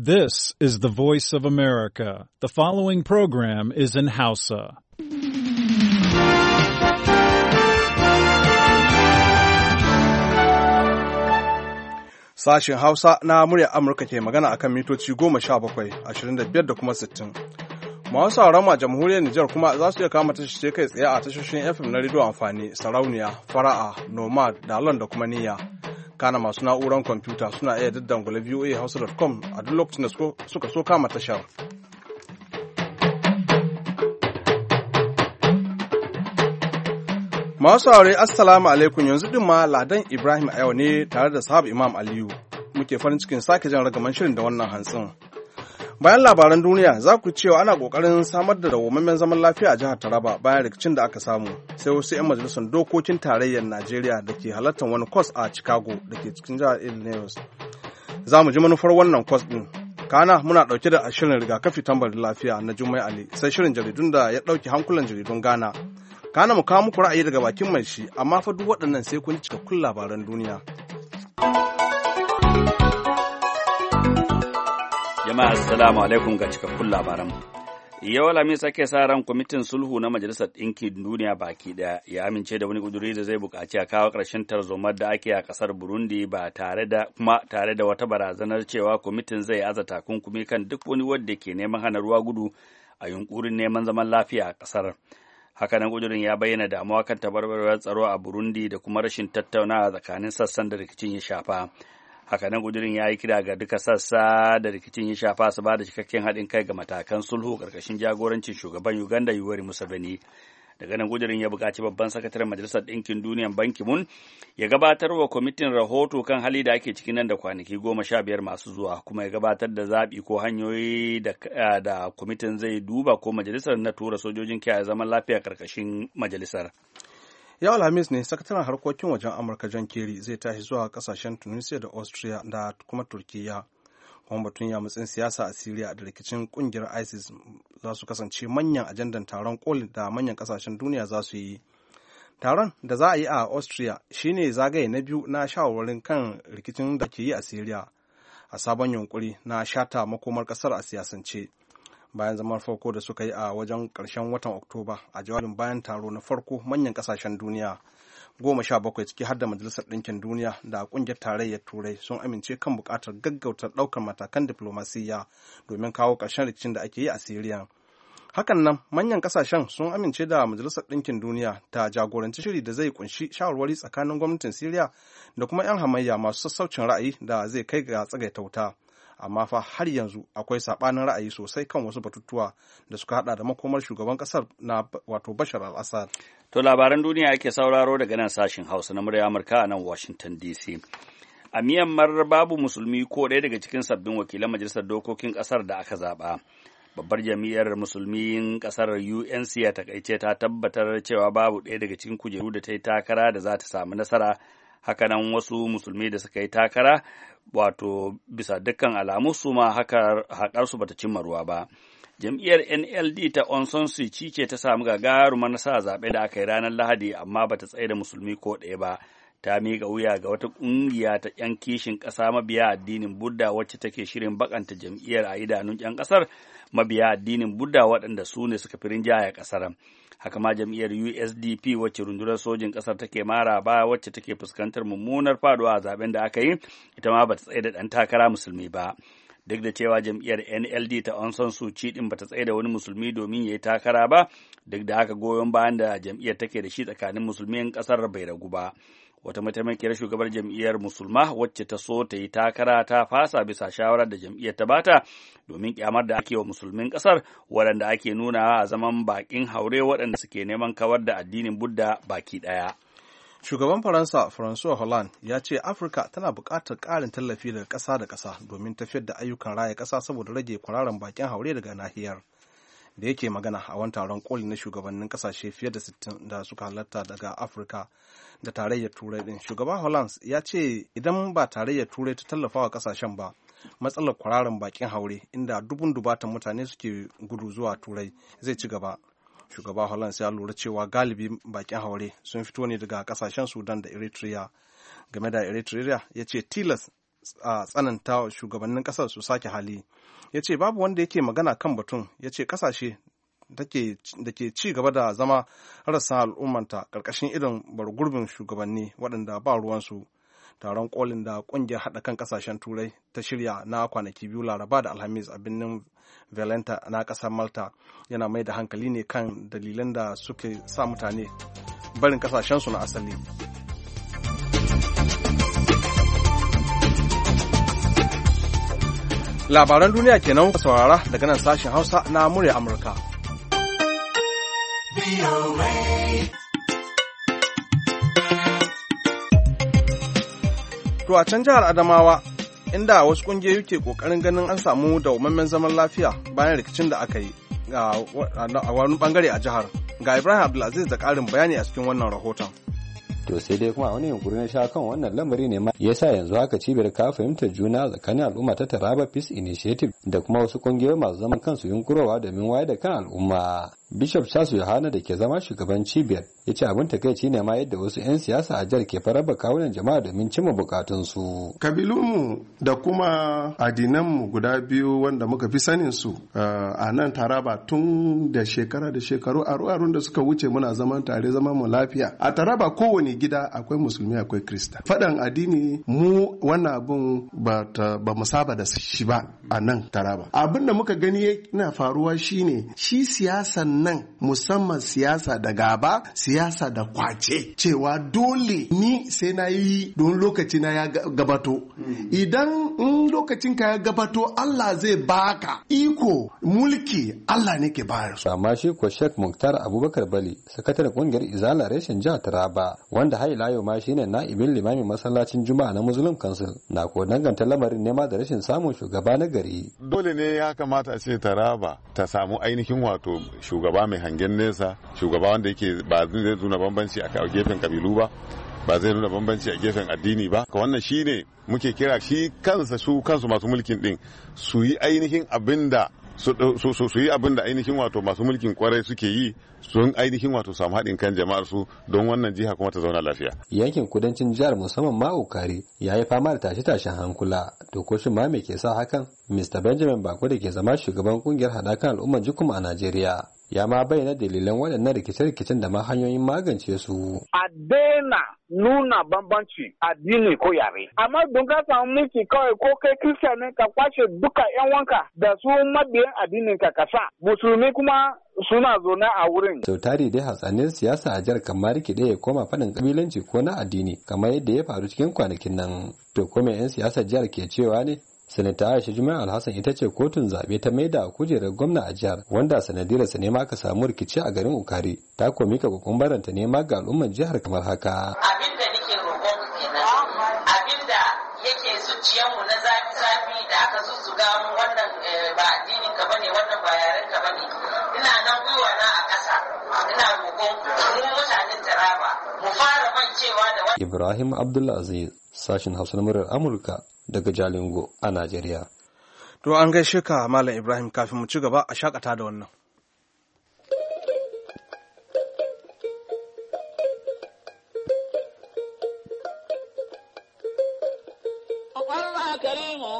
This is the voice of America. The following program is in Hausa. Sashen Hausa na muryar Amurka ke magana akan mitoci goma sha bakwai, ashirin da biyar da kuma sittin. Masu sauraron a jamhuriyar Nijar kuma za su iya kama tashoshi kai tsaye a tashoshin FM na rediyo amfani, sarauniya, fara'a, nomad, dalon da kuma niyya. kana masu na'uran kwamfuta suna iya daddangula voa hausa.com a duk lokacin da suka so kama tashar. Masu aure assalamu alaikum yanzu din ma Ladan Ibrahim a yau ne tare da sahab Imam Aliyu muke farin cikin sake jan ragaman shirin da wannan hantsin. Bayan labaran duniya za ku cewa ana kokarin samar da dawwammamen zaman lafiya a jihar Taraba bayan rikicin da aka samu sai wasu 'yan majalisar dokokin tarayyar Najeriya da ke halartar wani kwas a Chicago da ke cikin jihar Illinois. Za mu ji manufar wannan kwas ɗin. Kana muna ɗauke da shirin rigakafi tambarin lafiya na Jummai Ali sai shirin jaridun da ya ɗauki hankulan jaridun Ghana. Kana mu kawo muku ra'ayi daga bakin mai shi amma fa duk waɗannan sai kun cikakkun labaran duniya. jama'a assalamu alaikum ga cikakkun labaran yau alhamis ake sa ran kwamitin sulhu na majalisar ɗinkin duniya baki ɗaya ya amince da wani kuduri da zai buƙaci a kawo ƙarshen tarzomar da ake a ƙasar burundi ba tare da kuma tare da wata barazanar cewa kwamitin zai aza takunkumi kan duk wani wadda ke neman hana ruwa gudu a yunkurin neman zaman lafiya a ƙasar hakanan kudurin ya bayyana damuwa kan tabarbarar tsaro a burundi da kuma rashin tattaunawa tsakanin sassan da rikicin ya shafa haka nan gudirin ya yi kira ga duka sassa da rikicin ya shafa su ba da cikakken haɗin kai ga matakan sulhu karkashin jagorancin shugaban uganda yuwari museveni daga nan gudirin ya buƙaci babban sakataren majalisar ɗinkin duniyan banki mun ya gabatar wa kwamitin rahoto kan hali da ake cikin nan da kwanaki goma sha biyar masu zuwa kuma ya gabatar da zaɓi ko hanyoyi da eh, kwamitin zai duba ko majalisar na tura sojojin kiyaye zaman lafiya karkashin majalisar. yau alhamis ne sakataren harkokin wajen amurka john kerry zai tashi zuwa kasashen tunisia da austria da kuma turkiya kuma batun ya matsin siyasa a syria da rikicin kungiyar isis za su kasance manyan ajandan taron koli da manyan kasashen duniya za su yi taron da za a yi a austria shine zagaye na biyu na shawarwarin kan rikicin da ke yi a syria a sabon yunkuri na shata makomar kasar a siyasance bayan zaman farko da suka yi a wajen ƙarshen watan oktoba a jawabin bayan taro na farko manyan ƙasashen duniya goma sha bakwai ciki har da majalisar ɗinkin duniya da ƙungiyar tarayyar turai sun amince kan buƙatar gaggauta ɗaukar matakan diflomasiyya domin kawo ƙarshen rikicin da ake yi a siriya hakan nan manyan ƙasashen sun amince da majalisar ɗinkin duniya ta jagoranci shiri da zai kunshi shawarwari tsakanin gwamnatin siriya da kuma 'yan hamayya masu sassaucin ra'ayi da zai kai ga tsagaitauta wuta amma fa har yanzu akwai saɓanin ra'ayi sosai kan wasu batutuwa da suka hada da makomar shugaban ƙasar na wato bashar al-assad to labaran duniya yake sauraro daga nan sashin hausa na murya amurka a nan washington dc a myanmar babu musulmi ko ɗaya daga cikin sabbin wakilan majalisar dokokin ƙasar da aka zaba babbar jami'ar musulmin ƙasar unc a takaice ta tabbatar cewa babu ɗaya daga cikin kujeru da ta yi takara da za ta samu nasara Haka nan, wasu musulmi da suka yi takara wato bisa dukkan alamu su ma haƙar su bata cimma ruwa ba jam'iyyar nld ta onson ci ce ta samu gagarumar nasara zaɓe da aka yi ranar lahadi amma bata tsaye da musulmi ko ɗaya ba ta miƙa wuya ga wata ƙungiya ta 'yan kishin ƙasa mabiya addinin Budda wacce take shirin bakanta jam'iyyar a idanun 'yan ƙasar mabiya addinin Budda waɗanda su ne suka fi rinjaya ƙasar. Haka ma jam'iyyar USDP wacce rundunar sojin ƙasar take mara ba wacce take fuskantar mummunar faduwa a zaben da aka yi ita ma bata tsaye da ɗan takara musulmi ba. duk da cewa jam'iyyar NLD ta Onson Suci din bata tsaye da wani musulmi domin ya yi takara ba duk da haka goyon bayan da jam'iyyar take da shi tsakanin musulmi kasar bai ragu ba wata mataimakiyar shugabar jam'iyyar musulma wacce ta so ta yi takara ta fasa bisa shawarar da jam'iyyar ta bata domin kyamar da ake wa musulmin kasar waɗanda ake nuna a zaman bakin haure waɗanda suke neman kawar da addinin budda baki ɗaya. shugaban faransa francois hollande ya ce afirka tana buƙatar ƙarin tallafi daga ƙasa da ƙasa domin tafiyar da ayyukan raya ƙasa saboda rage kwararan bakin haure daga nahiyar. da yake magana a wani taron koli na shugabannin kasashe fiye da 60 da suka halatta daga afirka da tarayyar turai din shugaba hollands ya ce idan ba tarayyar turai ta tallafa wa kasashen ba matsalar kwararin bakin haure inda dubun dubatan mutane suke gudu zuwa turai zai ci gaba shugaba hollands ya lura cewa galibi bakin haure sun fito ne daga kasashen sudan da eritrea game da eritrea ya ce tilas tsananta shugabannin ƙasar su sake hali ya ce babu wanda yake magana kan batun ya ce kasashe da ke ci gaba da zama rassa al'ummanta ƙarƙashin irin gurbin shugabanni waɗanda ba ruwansu taron kolin da ƙungiyar haɗa kan ƙasashen turai ta shirya na kwanaki biyu laraba da alhamis a birnin valenta na ƙasar malta yana mai da hankali ne kan dalilan da suke sa mutane barin ƙasashensu na asali labaran duniya kenan saurara daga nan sashen hausa na murya amurka to a can jihar adamawa inda wasu kungiyoyi ke kokarin ganin an samu dawwammamen zaman lafiya bayan rikicin da aka yi a wani bangare a jihar ga ibrahim abdulaziz da karin bayani a cikin wannan rahoton to sai dai kuma wani yunkuri na sha kan wannan lamari ne ma yasa yanzu haka cibiyar ka fahimtar juna tsakanin al'umma ta Taraba Peace Initiative da kuma wasu kungiyoyi masu zaman kansu yunkurowa domin wayar da kan al'umma bishop charles yohana da ke zama shugaban cibiyar ya ce abin takaici ne ma yadda wasu 'yan siyasa a jihar ke faraba kawunan jama'a domin cimma bukatunsu kabilunmu da kuma adinanmu guda biyu wanda muka fi sanin su eh, a nan taraba tun da shekara da shekaru aru-arun da suka wuce muna zaman tare zama mu lafiya a taraba kowane gida akwai musulmi akwai krista faɗan addini mu wannan abun ba mu saba da shi ba a nan taraba abin da muka gani yana faruwa shine shi siyasan nan musamman siyasa da gaba siyasa da kwace cewa dole ni sai na yi don lokaci na ya gabato mm. idan lokacin ka ya gabato Allah zai baka iko mulki Allah ne ke bayar amma shi ko Sheikh Muktar Abubakar Bali sakataren kungiyar Izala reshen jihar Taraba wanda har ila ma shine na'ibin limamin masallacin Juma'a na Muslim Council na ko danganta lamarin nema da rashin samun shugaba na gari dole ne ya kamata a ce Taraba ta samu ainihin wato shugaba shugaba mai hangen nesa shugaba wanda yake ba zai nuna bambanci a gefen kabilu ba ba zai nuna bambanci a gefen addini ba ka wannan shine muke kira shi kansa su kansu masu mulkin din su yi ainihin abinda su su yi abin ainihin wato masu mulkin kwarai suke yi sun ainihin wato samu haɗin kan jama'ar su don wannan jiha kuma ta zauna lafiya. Yankin kudancin jihar musamman ma Okare ya yi fama da tashe-tashen hankula to ko ma me ke sa hakan? Mr. Benjamin Bako da ke zama shugaban kungiyar haɗakan al'ummar jikuma a Najeriya ya ma bayyana dalilan waɗannan rikice-rikicen da ma hanyoyin magance su. A daina nuna bambanci addini ko yare. Amma don ka samu mulki kawai ko kai kirista ne ka kwashe duka 'yan wanka da su mabiyan addinin ka kasa. Musulmi kuma suna zaune a wurin. Sautari dai hatsanin siyasa a jihar kamar rikide ya koma faɗin kabilanci ko na addini kamar yadda ya faru cikin kwanakin nan. To kuma 'yan siyasar jihar ke cewa ne sanata aisha juma'a alhassan ita ce kotun zaɓe ta maida kujerar gwamna a jihar wanda sanadiyarsa ne ma aka samu rikici a garin ukari ta komi ka ne ma ga al'ummar jihar kamar haka abin da amincewa da wani. Ibrahim Abdulaziz, sashin Hausa na murar Amurka daga Jalingo a Najeriya. To an gaishe ka Malam Ibrahim kafin mu ci gaba a shakata da wannan.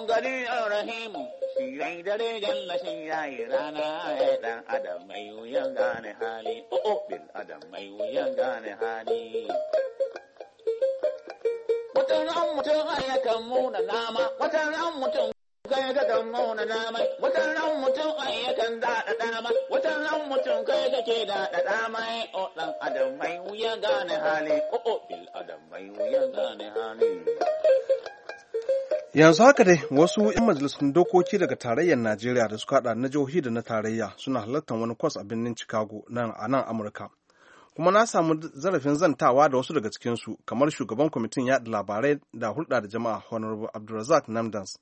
gari a rahimu shirai dare janna shi yayi rana ya ɗan adam mai wuyan gane hali oh, oh, adam mai wuyan gane hali wata ran mutum ai yakan muna nama wata ran mutum kai ga kan mauna nama ran mutum ai yakan daɗa dama wata ran mutum kai ga ke daɗa dama o dan adam mai wuya gane hali o o bil adam mai wuya gane hali yanzu haka dai wasu 'yan majalisun dokoki daga tarayyar najeriya da suka hada na jihohi da na tarayya suna halartar wani kwas a birnin chicago nan a nan amurka kuma na samu zarafin zantawa da wasu daga cikinsu kamar shugaban kwamitin yaɗa labarai da hulɗa da jama'a honorable abdulrazak namdans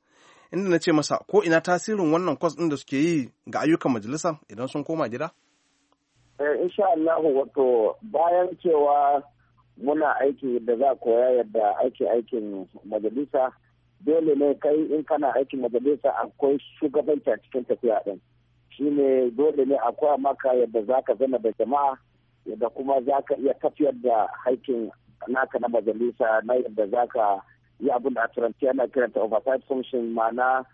inda na ce masa ko ina tasirin wannan kwas ɗin da suke yi ga ayyukan majalisa idan sun koma gida eh, insha Allah wato bayan cewa muna aiki da za koya yadda ake aikin majalisa dole ne kai in kana aikin majalisa akwai shugabanci a cikin tafiya ɗin shine dole ne a koya maka yadda za ka zana da jama'a yadda kuma za ka iya tafiyar da haikin naka na majalisa na yadda za ka yi abin da a turanci ana kiranta oversight function ma'ana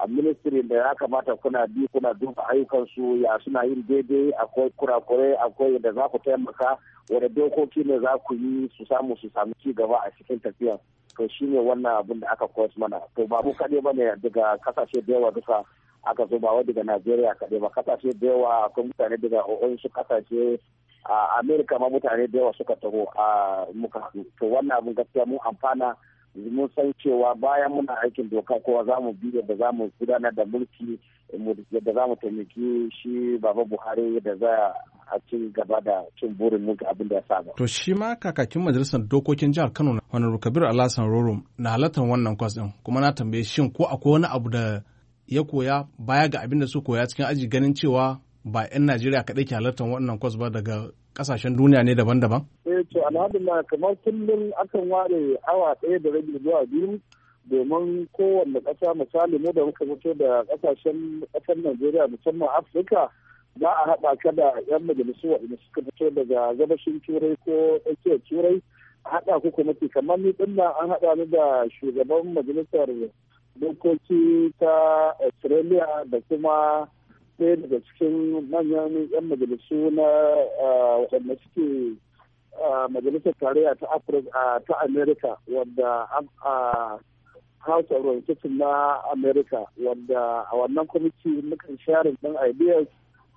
a ministry da ya kamata kuna bi kuna duba ayyukansu ya suna yin daidai akwai kurakure akwai yadda za ku taimaka wadda dokoki ne za ku yi su samu su samu ci gaba a cikin tafiya to shine wannan abin da aka koyar mana to ba mu kaɗai ba ne daga kasashe da yawa duka aka zo ba daga najeriya kaɗai ba kasashe da yawa akwai mutane daga wasu kasashe a amerika ma mutane da yawa suka taho a muka to wannan abin gaskiya mun amfana mun san cewa bayan muna aikin doka kowa za mu biya da za mu gudanar da mulki da za mu taimaki shi baba buhari da za a ci gaba da cin burin mulki abin da ya saba. to shi ma kakakin majalisar dokokin jihar kano na wani kabir alhassan rorom na halartar wannan kwas din kuma na tambaye shin ko akwai wani abu da ya koya baya ga abin da su koya cikin aji ganin cewa ba 'yan Najeriya kaɗai ke halartar wannan kwas ba daga kasashen duniya ne daban-daban? Eh to alhamdulillah kamar kullum akan ware awa ɗaya da rabi zuwa biyu domin kowanne ƙasa misali mu da muka fito da ƙasashen ƙasar Najeriya musamman Afirka za a haɗa ka da 'yan majalisu waɗanda suka fito daga gabashin Turai ko tsakiyar Turai a haɗa ku kuma kamar ni ɗin an haɗa ni da shugaban majalisar dokoki ta Australia da kuma ɗaya daga cikin manyan 'yan majalisu na waɗanda suke majalisar tarayya ta america wadda house of representatives na america wadda a wannan kwamiti mukan share ɗan ideas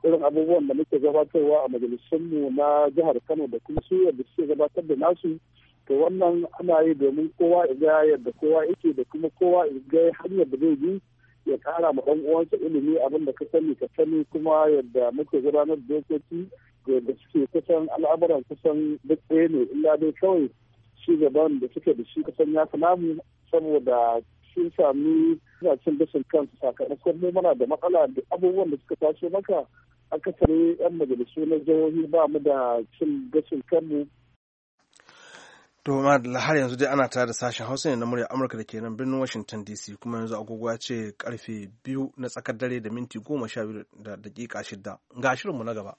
irin abubuwan da muke gabatarwa a majalisunmu na jihar kano da kuma su yadda suke gabatar da nasu to wannan ana yi domin kowa ya yadda kowa yake da kuma kowa ya hanyar da zai bi ya kara ma ɗan uwansa ilimi abin da ka sani ka sani kuma yadda muke gudanar da dokoki yadda suke kusan al'amuran kusan duk ɗaya ne illa dai kawai shi gaban da suke da shi kusan ya fi namu saboda sun sami suna cin bisin kansu sakamakon mu muna da matsala da abubuwan da suka tashi maka akasari 'yan majalisu na jihohi ba mu da cin gashin kanmu To ma har yanzu dai ana tare da sashen Hausa ne na murya Amurka da ke nan birnin Washington DC kuma yanzu agogo ya ce karfe biyu na tsakar dare da minti goma sha biyu da dakika shida. Ga shirinmu na gaba.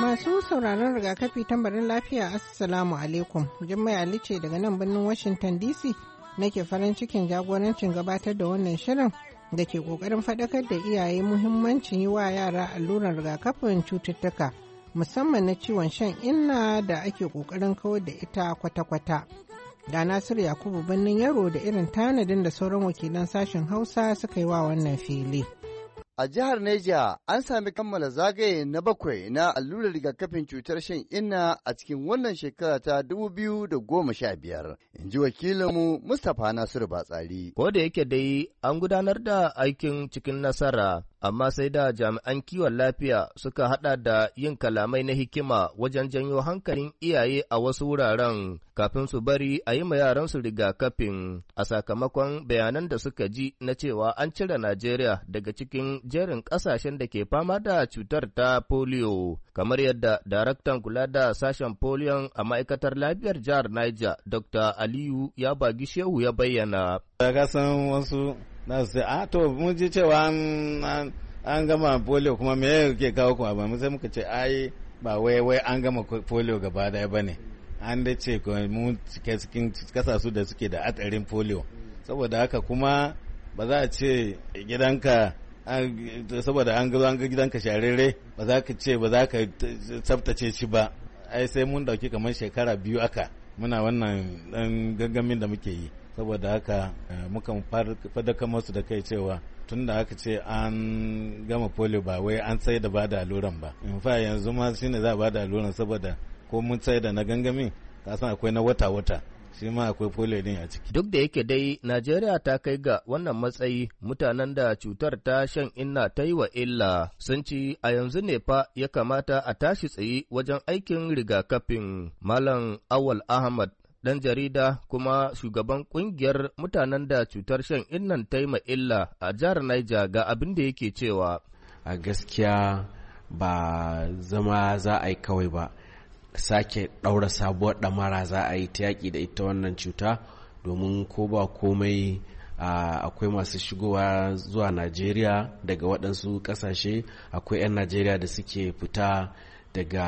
Masu sauraron rigakafi tambarin lafiya Assalamu alaikum. Jummai Ali ce daga nan birnin Washington DC nake farin cikin jagorancin gabatar da wannan shirin da ke ƙoƙarin faɗakar da iyaye muhimmancin yi wa yara allurar rigakafin cututtuka musamman na ciwon shan inna da ake ƙoƙarin kawar da ita kwata-kwata. Da Nasiru Yakubu Birnin Yaro da irin tanadin da sauran wakilan sashen Hausa suka yi wa wannan fili. A jihar Neja an sami kammala zagaye na bakwai na allurar rigakafin cutar shan inna a cikin wannan shekara ta 2015, in ji wakilinmu Mustapha Nasiru Batsari. Ko da yake dai an gudanar da aikin cikin nasara amma sai da jami'an kiwon lafiya suka haɗa da yin kalamai na hikima wajen janyo hankalin iyaye a wasu wuraren kafin su bari a yi ma yaransu rigakafin a sakamakon bayanan da suka ji na cewa an cire Najeriya daga cikin jerin ƙasashen da ke fama da cutar ta polio. Kamar yadda daraktan kula da sashen polion a ma'aikatar lafiyar jihar Niger, Dr. Aliyu ya bagi shehu ya bayyana. wasu za a ah, to mun ji cewa an gama polio kuma me yake kawo ku ba sai muka ce ai ba wai wai an gama polio gaba daya ba ne an da ce mu cikin kasasu da suke da atsarin polio saboda haka kuma ba za a ce gidanka saboda an ga gidanka sharere ba za ka ce ba za ka tsaftace shi ba ai sai mun dauki kamar shekara biyu aka muna wannan dan gangamin da muke yi saboda haka eh, muka fadaka masu da kai cewa tun da aka ce an gama polio ba wai an sai da bada alluran ba in fa yanzu ma shine za a bada alluran saboda ko mun sai da na gangamin kasan akwai na wata-wata shi ma akwai polio din a ciki. Duk da yake dai Najeriya ta kai ga wannan matsayi mutanen da cutar ta shan inna ta yi wa illa sun ci a yanzu ne fa ya kamata a tashi tsayi wajen aikin rigakafin Malam Awal Ahmad ɗan jarida kuma shugaban ƙungiyar mutanen da cutar shan innan taima illa a jihar Niger ga abin da yake cewa. A gaskiya ba zama za a yi kawai ba, sake ɗaura sabuwar ɗamara za a yi ta yaƙi da ita wannan cuta domin ko ba komai akwai masu shigowa zuwa Najeriya daga waɗansu ƙasashe akwai 'yan Najeriya da suke fita daga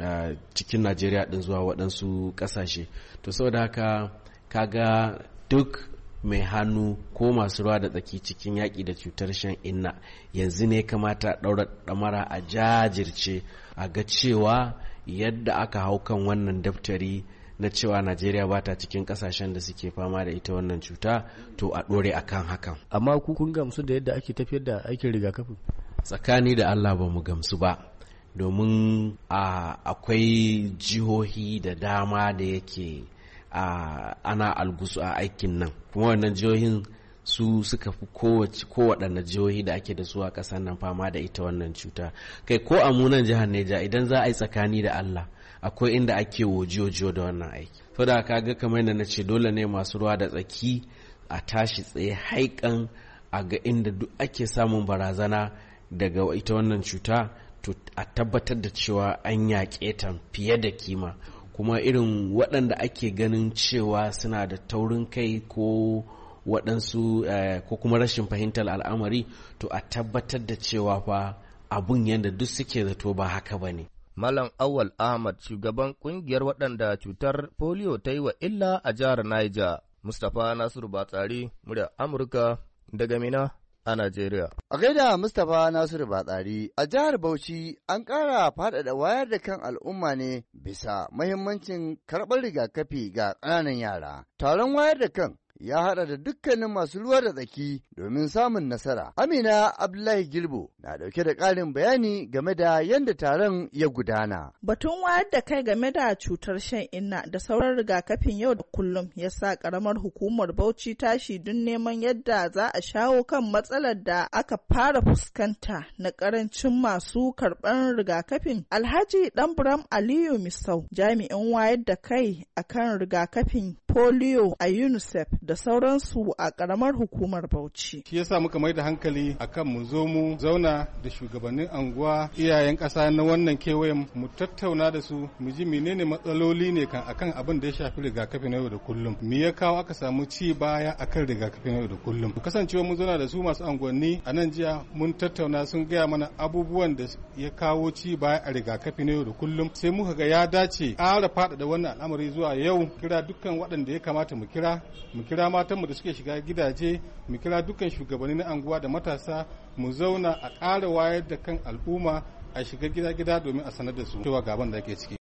ah, cikin najeriya ɗin zuwa waɗansu ƙasashe to saboda haka kaga duk mai hannu ko masu ruwa da tsaki cikin yaƙi da cutar shan inna yanzu ne kamata ɗaura ɗamara a jajirce a ga cewa yadda aka hau kan wannan daftari na cewa najeriya ba ta cikin kasashen da suke fama da ita wannan cuta to a ɗore a kan hakan amma ku kun gamsu da yadda ake tafiyar da aikin rigakafin tsakani da allah ba mu gamsu ba domin akwai jihohi da dama da yake ana algusu a aikin nan kuma wannan jihohin su suka fi kowace kowaɗanne jihohi da ake da su a ƙasar nan fama da ita wannan cuta kai ko a munan jihar neja idan za a yi tsakani da allah akwai inda ake wojiyo da wannan aiki saboda kaga kamar yadda na ce dole ne masu ruwa da tsaki a tashi tsaye haikan a ga inda duk ake samun barazana daga ita wannan cuta to a tabbatar da cewa an yaƙe ta fiye da kima kuma irin waɗanda ake ganin cewa suna da taurin kai ko waɗansu eh, ko kuma rashin fahimtar al'amari to a tabbatar da cewa fa abun yadda duk suke zato ba haka ba ne. Malam Awal Ahmad shugaban ƙungiyar waɗanda cutar polio ta yi wa illa a jihar Niger, Mustapha Nasiru Batsari, murya Amurka daga Mina a Najeriya. A gaida Mustapha Nasiru Batsari, a jihar Bauchi an ƙara faɗaɗa wayar da kan al'umma ne bisa mahimmancin karɓar rigakafi ga ƙananan yara. Taron wayar da kan ya haɗa da dukkanin masu ruwa da tsaki domin samun nasara. Amina Abdullahi Girbo na ɗauke da ƙarin bayani game da yadda taron ya gudana. Batun wayar da kai game da cutar shan inna da sauran rigakafin yau da kullum ya sa ƙaramar hukumar Bauchi tashi don neman yadda za a shawo kan matsalar da aka fara fuskanta na ƙarancin masu karɓar rigakafin. Alhaji Ɗanburam Aliyu Misau jami'in wayar da kai akan rigakafin polio a unicef da sauransu a karamar hukumar bauchi shi yasa muka mai da hankali akan mu zo mu zauna da shugabannin anguwa iyayen ƙasa na wannan kewayen mu tattauna da su mu ji menene matsaloli ne kan akan abin da ya shafi rigakafi na yau da kullum me ya kawo aka samu ci baya akan rigakafi na yau da kullum kasancewa mu zauna da su masu anguwanni a nan jiya mun tattauna sun gaya mana abubuwan da ya kawo ci baya a rigakafi na yau da kullum sai muka ga ya dace ƙara faɗaɗa wannan al'amari zuwa yau kira dukkan waɗanda waɗanda ya kamata mu kira mu kira matanmu da suke shiga gidaje mu kira dukkan shugabanni na anguwa da matasa mu zauna a ƙara wayar da kan al'umma a shiga gida-gida domin a sanar da su cewa gaban da ake ciki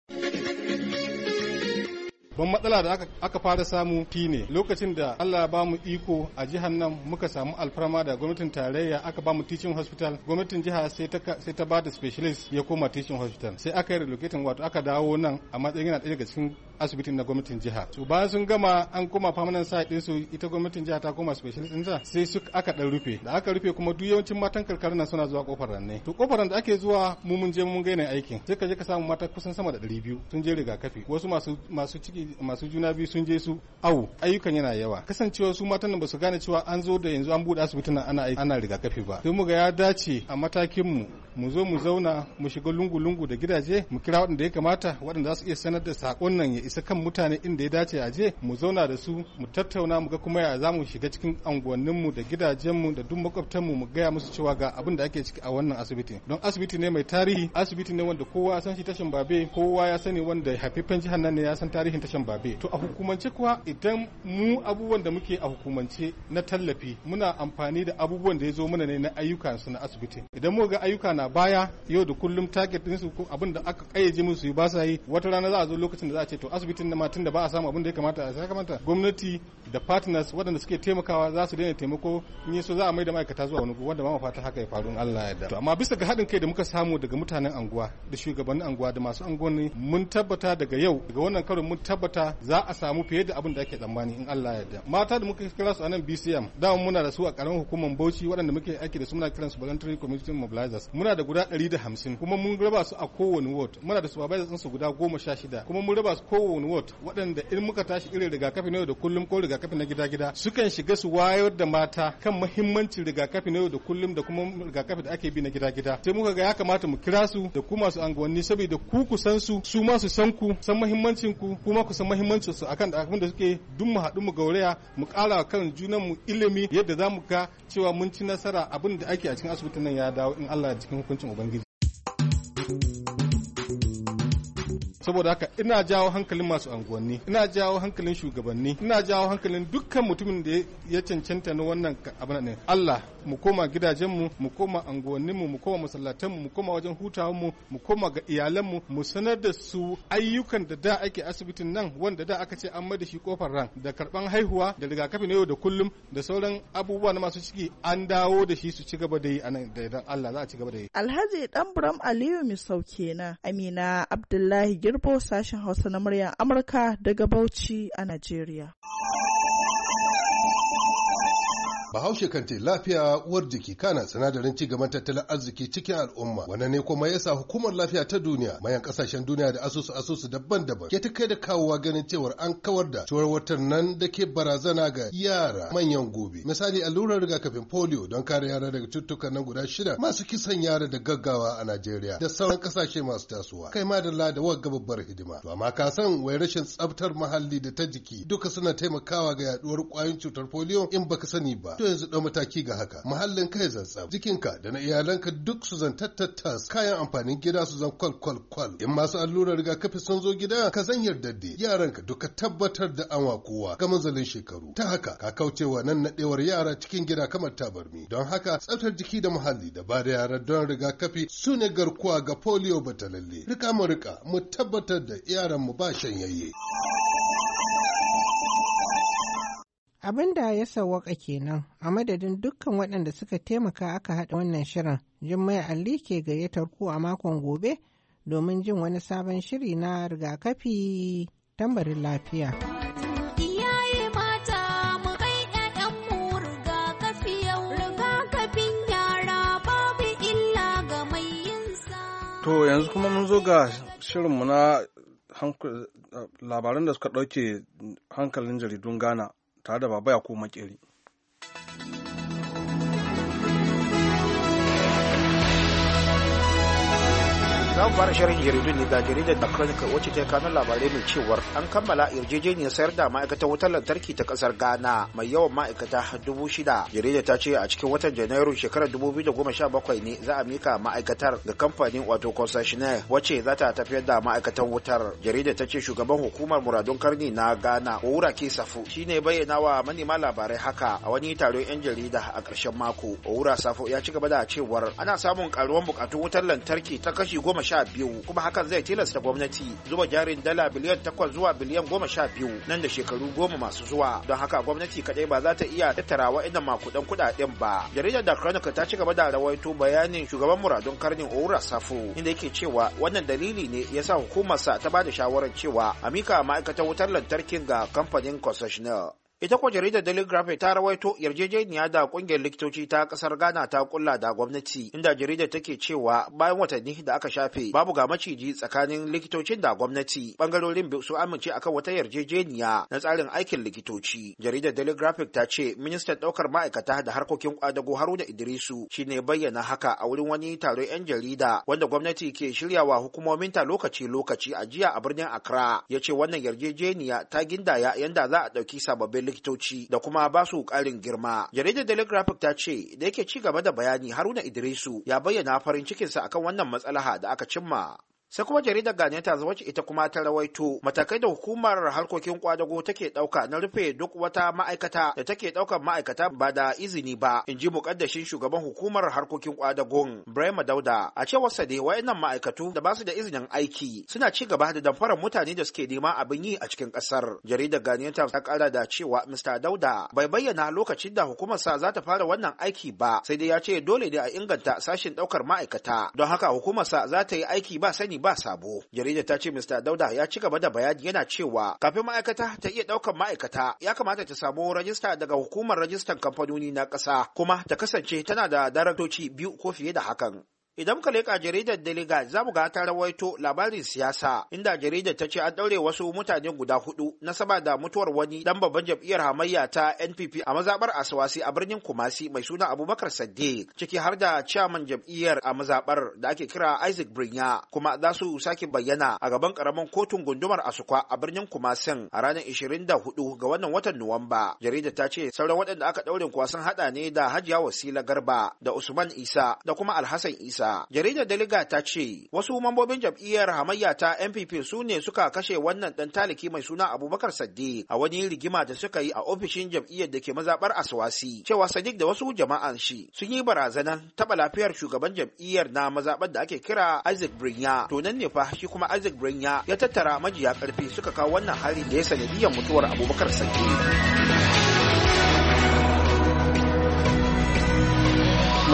ban matsala da aka fara samu ne lokacin da Allah ba mu iko a jihar nan muka samu alfarma da gwamnatin tarayya aka ba mu teaching hospital gwamnatin jiha sai ta ba da specialist ya koma teaching hospital sai aka yi relocating wato aka dawo nan a matsayin yana ɗaya daga cikin asibitin na gwamnatin jiha to bayan sun gama an koma permanent site din su ita gwamnatin jiha ta koma specialist din sai su aka dan rufe da aka rufe kuma duk yawancin matan karkara nan suna zuwa kofar ranne to kofar da ake zuwa mu mun je mun ne aikin sai ka je ka samu mata kusan sama da 200 sun je rigakafi wasu masu masu ciki masu juna biyu sun je su au ayyukan yana yawa kasancewa su matan nan ba su gane cewa an zo da yanzu an bude asibitin nan ana ana rigakafi ba sai ga ya dace a matakin mu mu zo mu zauna mu shiga lungu-lungu da gidaje mu kira waɗanda ya kamata waɗanda za su iya sanar da sakon nan isa kan mutane inda ya dace a je mu zauna da su mu tattauna mu ga kuma ya za mu shiga cikin anguwanninmu da gidajenmu da duk makwabtanmu mu gaya musu cewa ga abin da ake ciki a wannan asibiti don asibiti ne mai tarihi asibiti ne wanda kowa ya san shi tashin babe kowa ya sani wanda haifaffen jihar nan ne ya san tarihin tashin babe to a hukumance kuwa idan mu abubuwan da muke a hukumance na tallafi muna amfani da abubuwan da ya zo mana ne na ayyuka su na asibiti idan mu ga ayyuka na baya yau da kullum target ɗinsu su abin da aka kayyaje musu ba sa yi wata rana za a zo lokacin da za a ce to asibitin da matan da ba a samu abin da ya kamata a sakamanta gwamnati da partners waɗanda suke taimakawa za su daina taimako in so za a mai da ma'aikata zuwa wani wanda ba mu fata haka ya faru Allah ya da amma bisa ga haɗin kai da muka samu daga mutanen anguwa da shugabannin anguwa da masu anguwanni mun tabbata daga yau daga wannan karin mun tabbata za a samu fiye da abin da ake tsammani in Allah ya da mata da muka kira su a nan BCM dama muna da su a karamin hukumar Bauchi waɗanda muke aiki da su muna kiransu voluntary community mobilizers muna da guda 150 kuma mun raba su a kowane ward muna da supervisors su guda 16 kuma mun raba su kowane ward waɗanda in muka tashi irin rigakafi na yau da kullum ko rigakafi na gida-gida sukan shiga su wayar da mata kan mahimmancin rigakafi na yau da kullum da kuma rigakafi da ake bi na gida-gida sai muka ga ya kamata mu kira su da kuma su anguwanni saboda ku ku san su su ma su san ku san mahimmancin ku kuma ku san mahimmancin su akan da abin da suke duk mu haɗu mu gauraya mu ƙara kan junan mu ilimi yadda za mu ga cewa mun ci nasara abin da ake a cikin asibitin nan ya dawo in Allah cikin hukuncin ubangiji saboda haka ina jawo hankalin masu anguwanni ina jawo hankalin shugabanni ina jawo hankalin dukkan mutumin da ya cancanta na wannan abin ne Allah mu koma gidajenmu mu koma anguwanninmu mu koma masallatanmu mu koma wajen hutawanmu mu koma ga iyalanmu mu sanar da su ayyukan da da ake asibitin nan wanda da aka ce an mai da shi kofar ran da karban haihuwa da rigakafi na yau da kullum da sauran abubuwa na masu ciki an dawo da shi su ci gaba da yi nan da idan Allah za a ci gaba da yi Alhaji Danburam Aliyu sauke na. Amina Abdullahi Girbo sashen Hausa na muryar Amurka daga Bauchi a Najeriya. Bahaushe kan lafiya uwar jiki kana sinadarin ci gaban tattalin arziki cikin al'umma. Wannan ne kuma yasa hukumar lafiya ta duniya mayan kasashen duniya da asusu asusu daban-daban ke ta kai da kawowa ganin cewar an kawar da watan nan da ke barazana ga yara manyan gobe. Misali allurar rigakafin polio don kare yara daga cututtukan nan guda shida masu kisan yara da gaggawa a Najeriya da sauran kasashe masu tasowa. Kai ma da lada wagga babbar hidima. To amma ka san wai rashin tsabtar muhalli da ta jiki duka suna taimakawa ga yaduwar kwayoyin cutar polio in baka sani ba. to yanzu ɗau mataki ga haka muhallin kai zantsam jikinka da na iyalanka duk su zan tattattas kayan amfanin gida su zan kwal kwal kwal in masu allurar rigakafi sun zo gida ka zan yarda da yaranka duka tabbatar da an kowa ga manzalin shekaru ta haka ka kaucewa nan naɗewar yara cikin gida kamar tabarmi don haka tsaftar jiki da muhalli da ba da yara don rigakafi su ne garkuwa ga polio lalle rika mu rika mu tabbatar da yaran mu ba shanyayye. Abin da ya sawwaka kenan a madadin dukkan waɗanda suka taimaka aka haɗa wannan shirin, Jummai alli ke gayyatar ku a makon gobe domin jin wani sabon shiri na rigakafi tambarin lafiya. To yanzu kuma mun zo ga shirinmu na labaran da suka ɗauke hankalin jaridun Ghana. tare da baba ya ko makeri za mu fara shirin jaridu ne ga jaridar da chronicle wacce ta kano labarai mai cewar an kammala yarjejeniyar sayar da ma'aikatan wutar lantarki ta kasar ghana mai yawan ma'aikata dubu shida jaridar ta ce a cikin watan janairu shekarar dubu biyu da goma sha bakwai ne za a mika ma'aikatar ga kamfanin wato concessionaire wacce za ta tafiyar da ma'aikatan wutar jaridar ta ce shugaban hukumar muradun karni na ghana ke safu shine bayyana wa manema labarai haka a wani taron yan jarida a ƙarshen mako owura safu ya ci gaba da cewar ana samun karuwan bukatun wutar lantarki ta kashi goma sha biyu kuma hakan zai tilasta gwamnati zuba jarin dala biliyan takwas zuwa biliyan goma sha biyu nan da shekaru goma masu zuwa don haka gwamnati kaɗai ba za ta iya tattara wa'innan makudan kuɗaɗen ba jaridar da chronicle ta ci gaba da rawaito bayanin shugaban muradun karnin Oura safu, inda yake cewa wannan dalili ne ya yasa hukumarsa ta ba da shawarar cewa a mika ma'aikatar wutar lantarkin ga kamfanin concessionaire ita kuwa jaridar daily graphic ta rawaito yarjejeniya da kungiyar likitoci ta kasar ghana ta kulla da gwamnati inda jaridar take cewa bayan watanni da aka shafe babu ga maciji tsakanin likitocin da gwamnati bangarorin biyu su amince akan wata yarjejeniya na tsarin aikin likitoci jaridar daily graphic ta ce ministan daukar ma'aikata da harkokin kwadago haruna idrisu shine bayyana haka a wurin wani taron yan jarida wanda gwamnati ke shiryawa hukumomin ta lokaci lokaci a jiya a birnin accra ya ce wannan yarjejeniya ta gindaya yanda za a ɗauki sababbin likitoci da kuma ba su ƙarin girma. Jaridar Telegraphic ta ce da yake ci gaba da bayani Haruna Idrisu ya bayyana farin cikinsa akan wannan matsalaha da aka cimma. sai kuma jaridar Ghanaian Times wacce ita kuma ta rawaito matakai da hukumar harkokin kwadago take dauka na rufe duk wata ma'aikata da take daukar ma'aikata ba da izini ba in ji mukaddashin shugaban hukumar harkokin kwadagon Brema Dauda a cewar sa dai wayannan ma'aikatu da ba su da izinin aiki suna ci gaba da damfara mutane da suke nema abin yi a cikin kasar jaridar Ghanaian ta kara da cewa Mr Dauda bai bayyana lokacin da hukumar sa za ta fara wannan aiki ba sai dai ya ce dole ne a inganta sashin daukar ma'aikata don haka hukumar sa za ta yi aiki ba sani ƙur'ani ba sabo jarida ta ce mr dauda ya ci gaba da bayani yana cewa kafin ma'aikata ta iya ɗaukan ma'aikata ya kamata ta samu rajista daga hukumar rajistan kamfanoni na ƙasa kuma ta kasance tana da daraktoci biyu ko fiye da hakan Idan ka leƙa jaridar Deliga za mu ga ta rawaito labarin siyasa inda jaridar ta ce an ɗaure wasu mutane guda hudu na saba da mutuwar wani dan babban jam'iyyar hamayya ta NPP a mazaɓar Aswasi a birnin Kumasi mai suna Abubakar Sadiq ciki har da ciyaman jam'iyyar a mazaɓar da ake kira Isaac Birnya, kuma za su sake bayyana a gaban karamin kotun gundumar Asukwa a birnin Kumasin a ranar da hudu ga wannan watan Nuwamba. Jaridar ta ce sauran waɗanda aka ɗaure kuwa sun haɗa ne da Hajiya Wasila Garba da Usman Isa da kuma Alhassan Isa Jaridar Deliga ta ce wasu mambobin jam'iyyar hamayya ta NPP su ne suka kashe wannan ɗan taliki mai suna Abubakar Saddiq a wani rigima da suka yi a ofishin jam'iyyar da ke mazaɓar Aswasi. Cewa Sadiq da wasu jama'an shi sun yi barazanar taɓa lafiyar shugaban jam'iyyar na mazaɓar da ake kira Isaac Brinya. To nan ne fa shi kuma Isaac Brinya ya tattara majiya ƙarfi suka kawo wannan hari da ya sanadiyar mutuwar Abubakar Saddiq.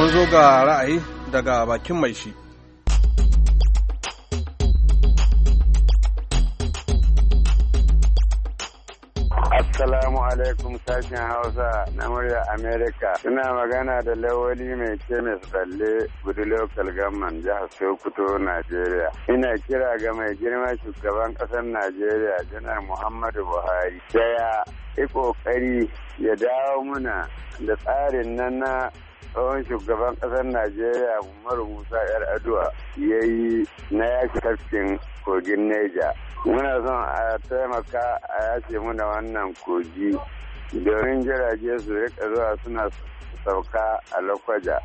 mun zo ga ra'ayi daga bakin mai shi Assalamu alaikum sashen Hausa na murya Amerika. Suna magana da lawali mai kemis tsalle gudu local government jihar Sokoto, Najeriya. Ina kira ga mai girma shugaban ƙasar Najeriya, Janar Muhammadu Buhari. Daya, yi ƙoƙari ya dawo muna da tsarin nan na tsohon shugaban ƙasar najeriya umaru musa yar adua ya yi na yaki tafkin kogin neja muna son a taimaka a yace muna wannan kogi domin jirage su rika zuwa suna sauka a lokwaja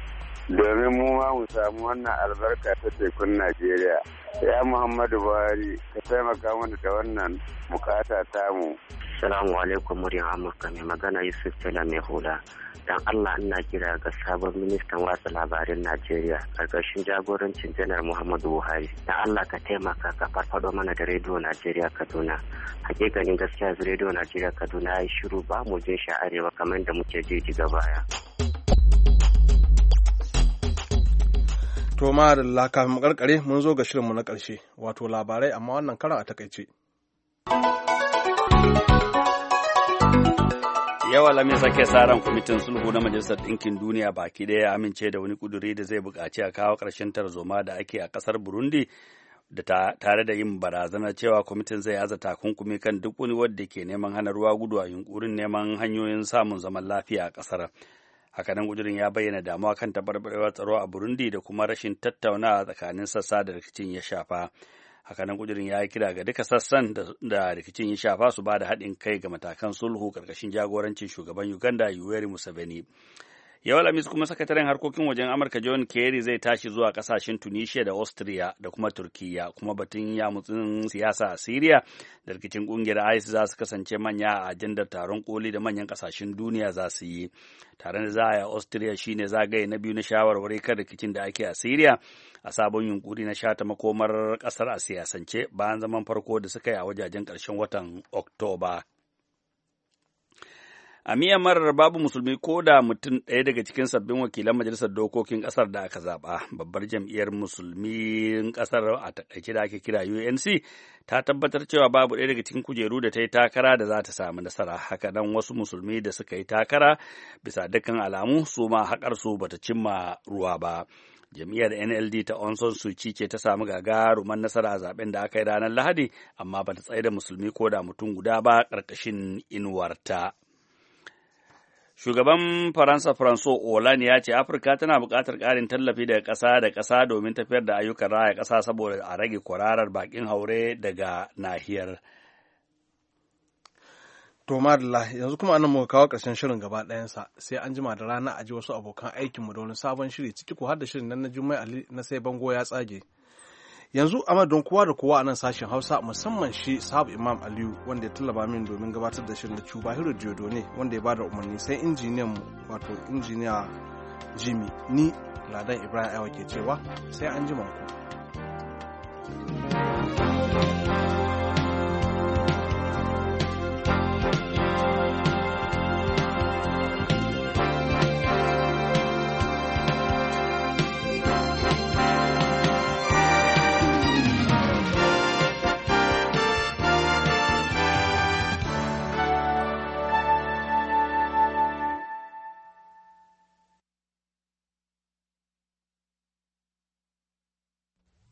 domin mu ma mu samu wannan albarka ta tekun Najeriya. Ya Muhammadu Buhari ka taimaka mana da wannan bukata tamu Assalamu alaikum muryar Amurka mai magana Yusuf Tela mai hula. Dan Allah ina kira ga sabon ministan watsa labarin Najeriya karkashin jagorancin janar Muhammadu Buhari. Dan Allah ka taimaka ka farfado mana da rediyo Najeriya Kaduna. Hakikanin gaskiya rediyo Najeriya Kaduna ya yi shiru ba mu jin shi arewa kamar da muke ji daga baya. To ma da kafin mu karkare mun zo ga shirinmu na ƙarshe wato labarai amma wannan karan a takaice. yawa Alhamis sake tsaron kwamitin sulhu na Majalisar Ɗinkin Duniya baki ɗaya ya amince da wani kuduri da zai bukaci a kawo ƙarshen tarzoma da ake a ƙasar Burundi da tare da yin barazana cewa kwamitin zai aza takunkumi kan duk wani wadda ke neman hana ruwa gudu a yunkurin neman hanyoyin samun zaman lafiya a ƙasar. hakanan kudurin ya bayyana damuwa kan tabarbarewar tsaro a burundi da kuma rashin tattaunawa tsakanin sassa da rikicin ya shafa hakanan kudirin ya yi kira ga duka sassan da rikicin ya shafa su ba da haɗin kai ga matakan sulhu ƙarƙashin jagorancin shugaban uganda yoweri museveni Yau Alhamis kuma sakataren harkokin wajen Amurka John Kerry zai tashi zuwa kasashen Tunisia da Austria da kuma Turkiyya kuma batun yamutsin siyasa a Syria da rikicin kungiyar IS za su kasance manya a ajandar taron koli da manyan kasashen duniya za su yi. Taron da za a yi a Austria shine zagaye na biyu na shawarwari kan rikicin da ake a Syria a sabon yunkuri na shata makomar kasar a siyasance bayan zaman farko da suka yi a wajajen karshen watan Oktoba. A Myanmar babu musulmi ko da mutum ɗaya daga cikin sabbin wakilan majalisar dokokin ƙasar da aka zaɓa. Babbar jam'iyyar musulmin ƙasar a taƙaice da ake kira UNC ta tabbatar cewa babu ɗaya daga cikin kujeru da ta yi takara da za ta samu nasara. Haka nan wasu musulmi da suka yi takara bisa dukkan alamu su ma haƙar su bata cimma ruwa ba. jam'iyyar nld ta onson su ce ta samu gagaruman nasara a zaben da aka yi ranar lahadi amma bata ta da musulmi ko da mutum guda ba ƙarƙashin inuwarta. Shugaban Faransa Franco Olan ya ce Afirka tana buƙatar ƙarin tallafi daga ƙasa da ƙasa domin tafiyar da ayyukan raya ƙasa saboda a rage kwararar baƙin haure daga nahiyar. To madalla yanzu kuma anan muka kawo ƙarshen shirin gaba ɗayansa sai an jima da rana a ji wasu abokan aikinmu da wani sabon shiri ciki ko har da shirin nan na Jummai Ali na sai bango ya tsage. yanzu a madon kowa da kowa a nan sashen hausa musamman shi sahab imam aliyu wanda ya tallaba min domin gabatar da shirin da cuba hiro ne wanda ya bada umarni sai injiniyan mu wato injiniya jimmy ni ladan ibrahim aiwa ke cewa sai an jima ku. thank you